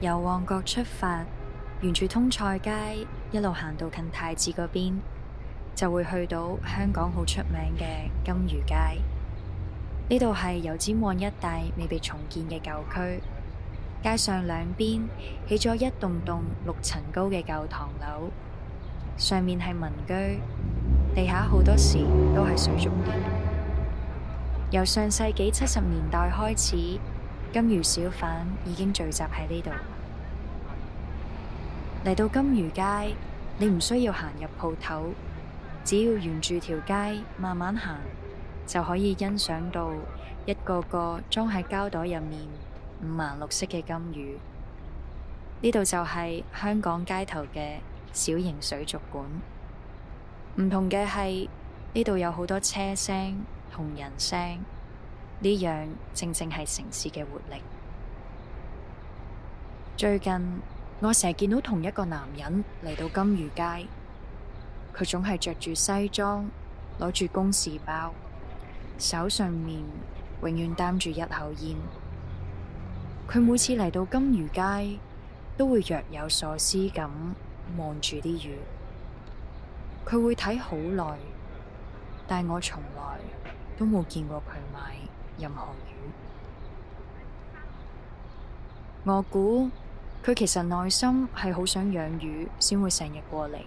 由旺角出發，沿住通菜街一路行到近太子嗰邊，就會去到香港好出名嘅金魚街。呢度係油尖旺一帶未被重建嘅舊區，街上兩邊起咗一棟棟六層高嘅舊唐樓，上面係民居，地下好多時都係水族店。由上世紀七十年代開始。金魚小販已經聚集喺呢度。嚟到金魚街，你唔需要行入鋪頭，只要沿住條街慢慢行，就可以欣賞到一個個裝喺膠袋入面五顏六色嘅金魚。呢度就係香港街頭嘅小型水族館。唔同嘅係呢度有好多車聲同人聲。呢樣正正係城市嘅活力。最近我成日見到同一個男人嚟到金魚街，佢總係着住西裝，攞住公事包，手上面永遠擔住一口煙。佢每次嚟到金魚街，都會若有所思咁望住啲魚，佢會睇好耐，但我從來都冇見過佢買。任何魚，我估，佢其實內心係好想養魚，先會成日過嚟，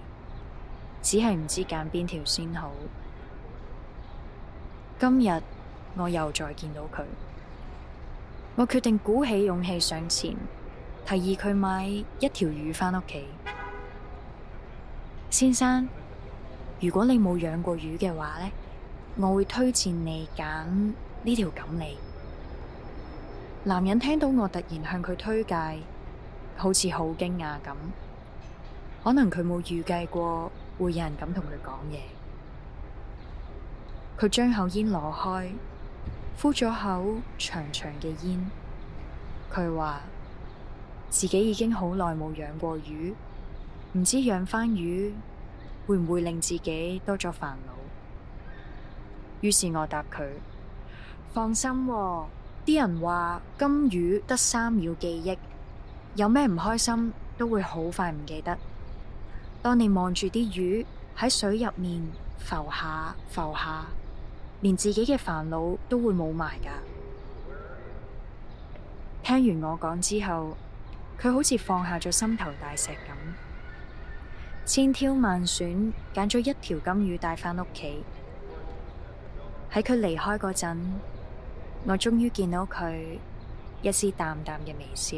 只係唔知揀邊條先好。今日我又再見到佢，我決定鼓起勇氣上前，提議佢買一條魚返屋企。先生，如果你冇養過魚嘅話呢，我會推薦你揀呢條錦鯉。男人聽到我突然向佢推介，好似好驚訝咁。可能佢冇預計過會有人咁同佢講嘢。佢將口煙攞開，呼咗口長長嘅煙。佢話自己已經好耐冇養過魚，唔知養返魚會唔會令自己多咗煩惱。於是我答佢：放心喎，啲人話金魚得三秒記憶，有咩唔開心都會好快唔記得。當你望住啲魚喺水入面浮下浮下，浮下，連自己嘅煩惱都會冇埋噶。聽完我講之後，佢好似放下咗心頭大石咁，千挑萬選揀咗一條金魚帶返屋企。喺佢離開嗰陣，我終於見到佢一絲淡淡嘅微笑。